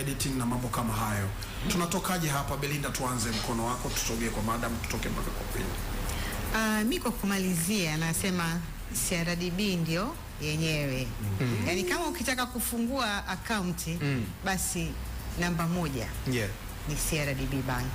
editing na mambo kama hayo. Tunatokaje hapa Belinda? Tuanze mkono wako, tusogee kwa madam, tutoke mpaka kwa pili. Uh, ah, mi kwa kumalizia nasema CRDB ndio yenyewe mm. Yani kama ukitaka kufungua akaunti mm. basi namba moja yeah. ni CRDB Bank.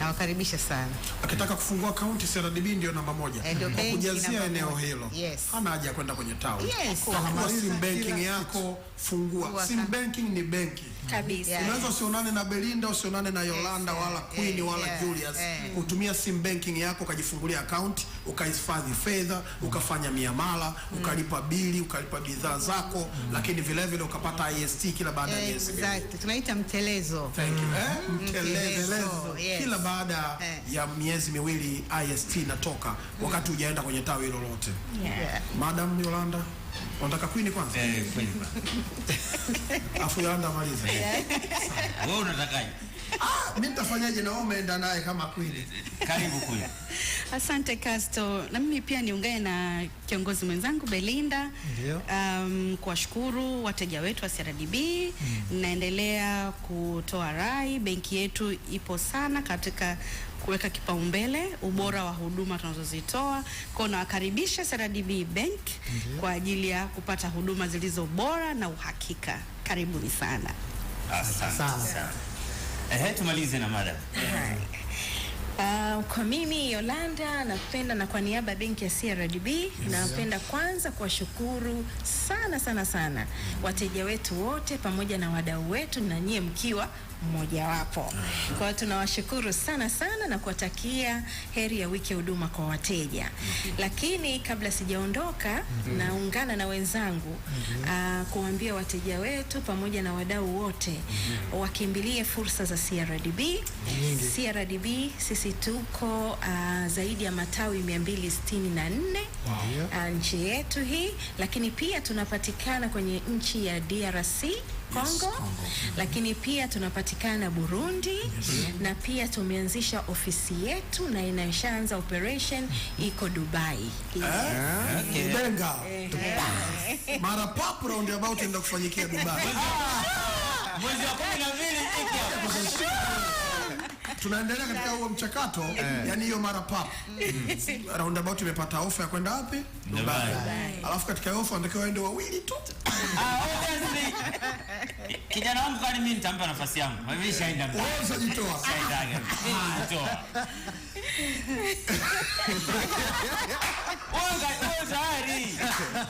Nawakaribisha sana. Akitaka kufungua akaunti CRDB ndio namba moja mm. kwa kujazia eneo hilo, yes. hana haja ya kwenda kwenye town. Yes. Kwa kwa kwa sim banking yako fungua. Sim banking ni benki kabisa. Yeah. Unaweza usionane na Belinda, usionane na Yolanda yes, wala Queen yeah, wala yeah, Julius yeah. Utumia sim banking yako ukajifungulia account ukahifadhi fedha mm. ukafanya miamala mm. ukalipa bili ukalipa bidhaa zako mm. lakini vile vile ukapata IST kila baada ya miezi exactly. Tunaita mtelezo. Thank you. Mm. Eh? Mtelezo. Mtelezo. Yes. Kila baada yeah. ya miezi miwili IST inatoka wakati hujaenda kwenye tawi lolote. Yeah. Madam Yolanda Unataka kwini kwanza? Eh, kwini kwanza. Afu yanda maliza. Wewe unatakaje? Mimi nitafanyaje na wewe umeenda naye kama kweli? Karibu kule. Asante Castro. Na mimi pia niungane na kiongozi mwenzangu Belinda. Ndio. Um, kuwashukuru wateja wetu wa CRDB. Mm. Naendelea kutoa rai, benki yetu ipo sana katika kuweka kipaumbele ubora wa huduma tunazozitoa kwao. Nawakaribisha CRDB Bank kwa ajili ya kupata huduma zilizo bora na uhakika. Karibuni sana. Asante sana. Ehe, tumalize na mada. Uh, kwa mimi Yolanda napenda na kwa niaba ya benki ya CRDB yes, napenda kwanza kuwashukuru sana sana sana wateja wetu wote pamoja na wadau wetu na nyie mkiwa mmojawapo. Ah. Kwa hiyo tunawashukuru sana sana na kuwatakia heri ya wiki ya huduma kwa wateja. mm -hmm. Lakini kabla sijaondoka, mm -hmm. naungana na wenzangu mm -hmm. uh, kuambia wateja wetu pamoja na wadau wote mm -hmm. wakimbilie fursa za CRDB. mm CRDB sisi tu tuko uh, ah, zaidi ya matawi 264 wow. uh, nchi yetu hii, lakini pia tunapatikana kwenye nchi ya DRC Kongo, yes, Kongo. Mm-hmm. Lakini pia tunapatikana Burundi yes. Na pia tumeanzisha ofisi yetu na inashaanza operation iko Dubai. Eh? Eh. Mara round about kufanyikia Dubai. Mwezi wa 12 tunaendelea katika huo mchakato eh. Yani hiyo mara pa mm. about imepata ofa ya kwenda wapi Dubai, alafu katika ofa wanatakiwa waende wawili tu. Ah, Kijana wangu kwani mimi nitampa nafasi yangu, mimi mbali. Wewe usajitoa, Ah, toa. Wewe Wewe usajitoa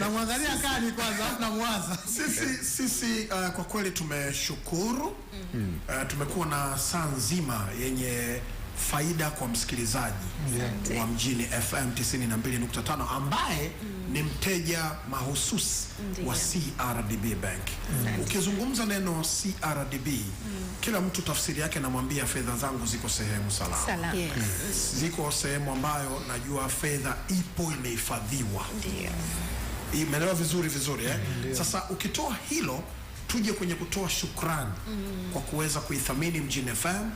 namwangalia kani kwanza, namwaza sisi sisi. Uh, kwa kweli tumeshukuru mm. uh, tumekuwa na saa nzima yenye faida kwa msikilizaji yeah. wa Mjini FM 92.5 ambaye mm. ni mteja mahususi wa CRDB Bank mm. Ukizungumza neno CRDB mm. kila mtu tafsiri yake namwambia, fedha zangu ziko sehemu salama mm. yes. mm. ziko sehemu ambayo najua fedha ipo imehifadhiwa, imeelewa vizuri vizuri eh? Sasa ukitoa hilo tuje kwenye kutoa shukrani mm. kwa kuweza kuithamini Mjini FM mm.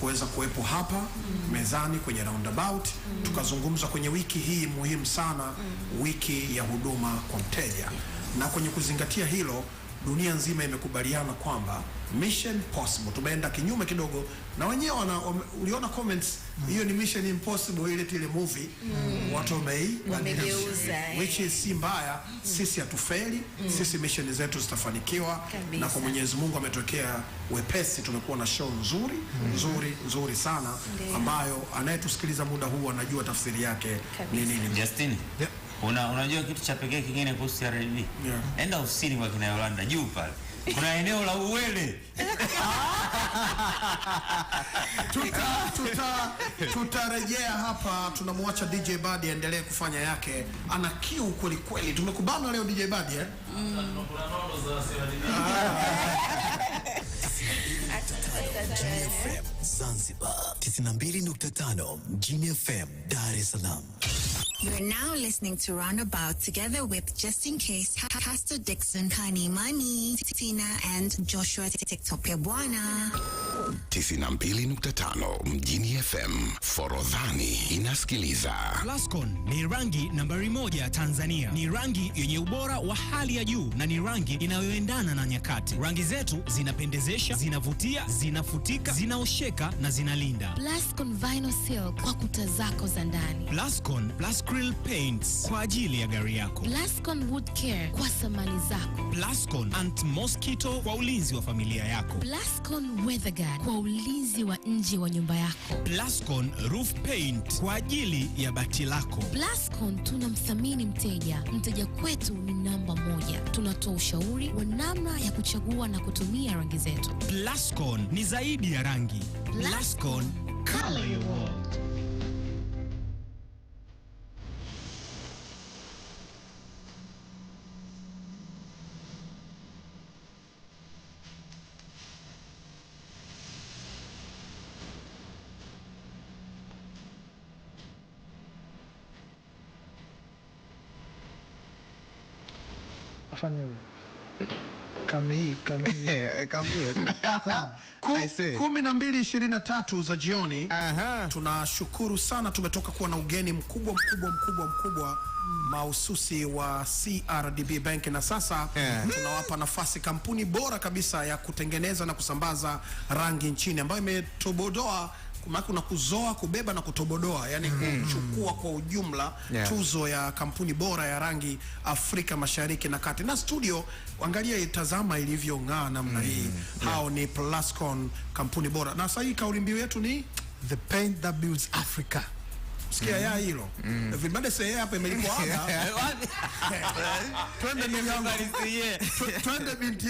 kuweza kuwepo hapa mm. mezani kwenye roundabout mm. tukazungumza kwenye wiki hii muhimu sana mm. wiki ya huduma kwa mteja, na kwenye kuzingatia hilo dunia nzima imekubaliana kwamba mission possible. Tumeenda kinyume kidogo na wenyewe wana uliona comments mm. hiyo, mm. ni mission impossible ile ile movie mm. watu wamei eh. which is si mbaya mm. sisi hatufeli mm. sisi mission zetu zitafanikiwa na kwa Mwenyezi Mungu ametokea wepesi. Tumekuwa na show nzuri mm. nzuri nzuri sana ambayo anayetusikiliza muda huu anajua tafsiri yake ni nini. Justin yeah. Una, unajua kitu cha pekee kingine kuhusu CRDB? Yeah. Enda ofisini kwa kina Yolanda juu pale. Kuna eneo la uwele. tuta tuta tutarejea hapa, tunamwacha DJ Badi aendelee kufanya yake, ana kiu kweli kweli. Tumekubana leo DJ Badi eh? Mm. Zanzibar 92.5 Genie FM Dar es Salaam. You're now listening to Roundabout together with Just In Case, Pastor Dixon, Kani Mani, Tina and Joshua Tiktopia Tiktopebwana. 92.5 Mjini FM, Forodhani inasikiliza. Plascon ni rangi nambari moja Tanzania. Ni rangi yenye ubora wa hali ya juu na ni rangi inayoendana na nyakati. Rangi zetu zinapendezesha, zinavutia, zinafutika, zinaosheka na zinalinda. Plascon Vinyl Silk kwa kuta zako za ndani. Plascon Plascril Paints kwa ajili ya gari yako, Plascon Wood Care kwa samani zako, Plascon Ant Mosquito kwa ulinzi wa familia yako, Plascon Guard kwa ulinzi wa nje wa nyumba yako, Plascon Roof Paint kwa ajili ya bati lako. Plascon tunamthamini mteja, mteja kwetu ni namba moja. Tunatoa ushauri wa namna ya kuchagua na kutumia rangi zetu. Plascon ni zaidi ya rangi. Plascon, Plascon color your world. wafanye eh, kumi na mbili ishirini na tatu za jioni. Aha. Tunashukuru sana, tumetoka kuwa na ugeni mkubwa mkubwa mkubwa mkubwa mahususi wa CRDB Bank na sasa yeah, tunawapa nafasi kampuni bora kabisa ya kutengeneza na kusambaza rangi nchini ambayo imetobodoa maana kuna kuzoa, kubeba na kutobodoa, yani mm. kuchukua kwa ujumla yeah. tuzo ya kampuni bora ya rangi Afrika Mashariki na Kati. Na studio angalia, itazama ilivyong'aa namna mm. hii yeah. hao ni Plascon, kampuni bora, na sasa hii kauli mbiu yetu ni the paint that builds Africa. Sikia mm. ya hilo mm. vibanda sasa hapa imelipwa hapa, eh, twende twende binti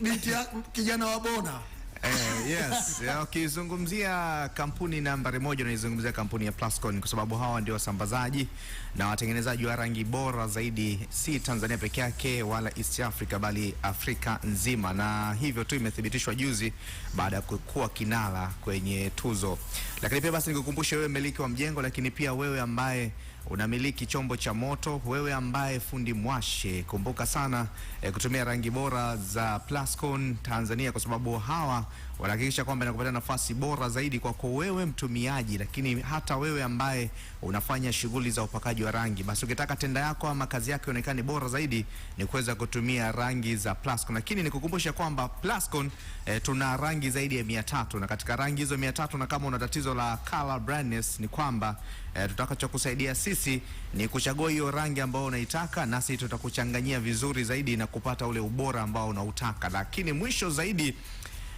binti kijana wa Bona eh. Yes, eh, ukizungumzia kampuni nambari moja unaizungumzia kampuni ya Plascon kwa sababu hawa ndio wasambazaji na watengenezaji wa rangi bora zaidi, si Tanzania peke yake wala East Africa, bali Afrika nzima, na hivyo tu imethibitishwa juzi baada ya kuwa kinara kwenye tuzo. Lakini pia basi nikukumbushe wewe mmiliki wa mjengo, lakini pia wewe ambaye unamiliki chombo cha moto, wewe ambaye fundi mwashe, kumbuka sana eh, kutumia rangi bora za Plascon Tanzania, kwa sababu hawa wanahakikisha kwamba inakupatia nafasi bora zaidi kwako wewe mtumiaji, lakini hata wewe ambaye unafanya shughuli za upakaji wa rangi. Basi ukitaka tenda yako ama kazi yako ionekane bora zaidi, ni kuweza kutumia rangi za Plascon. Lakini nikukumbusha kwamba Plascon eh, tuna rangi zaidi ya mia tatu na katika rangi hizo mia tatu na kama una tatizo la color blindness, ni kwamba eh, tutakachokusaidia sisi sisi ni kuchagua hiyo rangi ambayo unaitaka, nasi tutakuchanganyia vizuri zaidi na kupata ule ubora ambao unautaka. Lakini mwisho zaidi,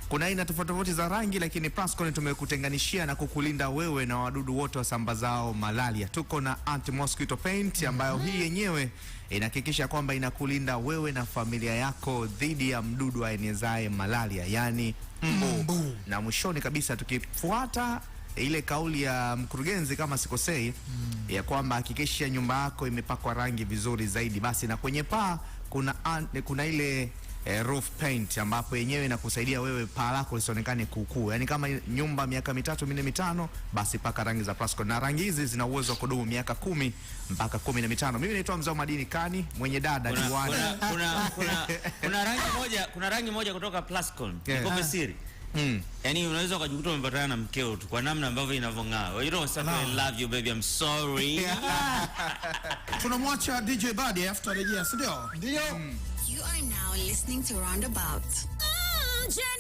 kuna aina tofauti tofauti za rangi, lakini Plascon tumekutenganishia na kukulinda wewe na wadudu wote wasambazao malaria. Tuko na anti mosquito paint ambayo mm -hmm. hii mhm. yenyewe inahakikisha kwamba inakulinda wewe na familia yako dhidi ya mdudu aenezaye malaria, yani mbu. mm -hmm. na mwishoni kabisa tukifuata Eh, ile kauli ya mkurugenzi kama sikosei, mm. ya kwamba hakikisha nyumba yako imepakwa rangi vizuri zaidi, basi na kwenye paa kuna, kuna ile E, roof paint ambapo yenyewe inakusaidia wewe paa lako lisionekane kuukuu, yaani kama nyumba miaka mitatu minne mitano, basi paka rangi za Plasco, na rangi hizi zina uwezo wa kudumu miaka kumi mpaka kumi na mitano. Mimi naitwa Mzao Madini Kani, mwenye dada diwani. Kuna, kuna, kuna, kuna, kuna rangi moja, kuna rangi moja kutoka Plasco, nikombe eh. siri Mm. Yaani unaweza ukajikuta umepatana na mkeo tu kwa namna ambavyo inavyong'aa. You know something I love you baby I'm sorry. Tunamwacha DJ Buddy eh, after the year, ndio? Ndio. Hmm. You are now listening to Roundabout. Oh,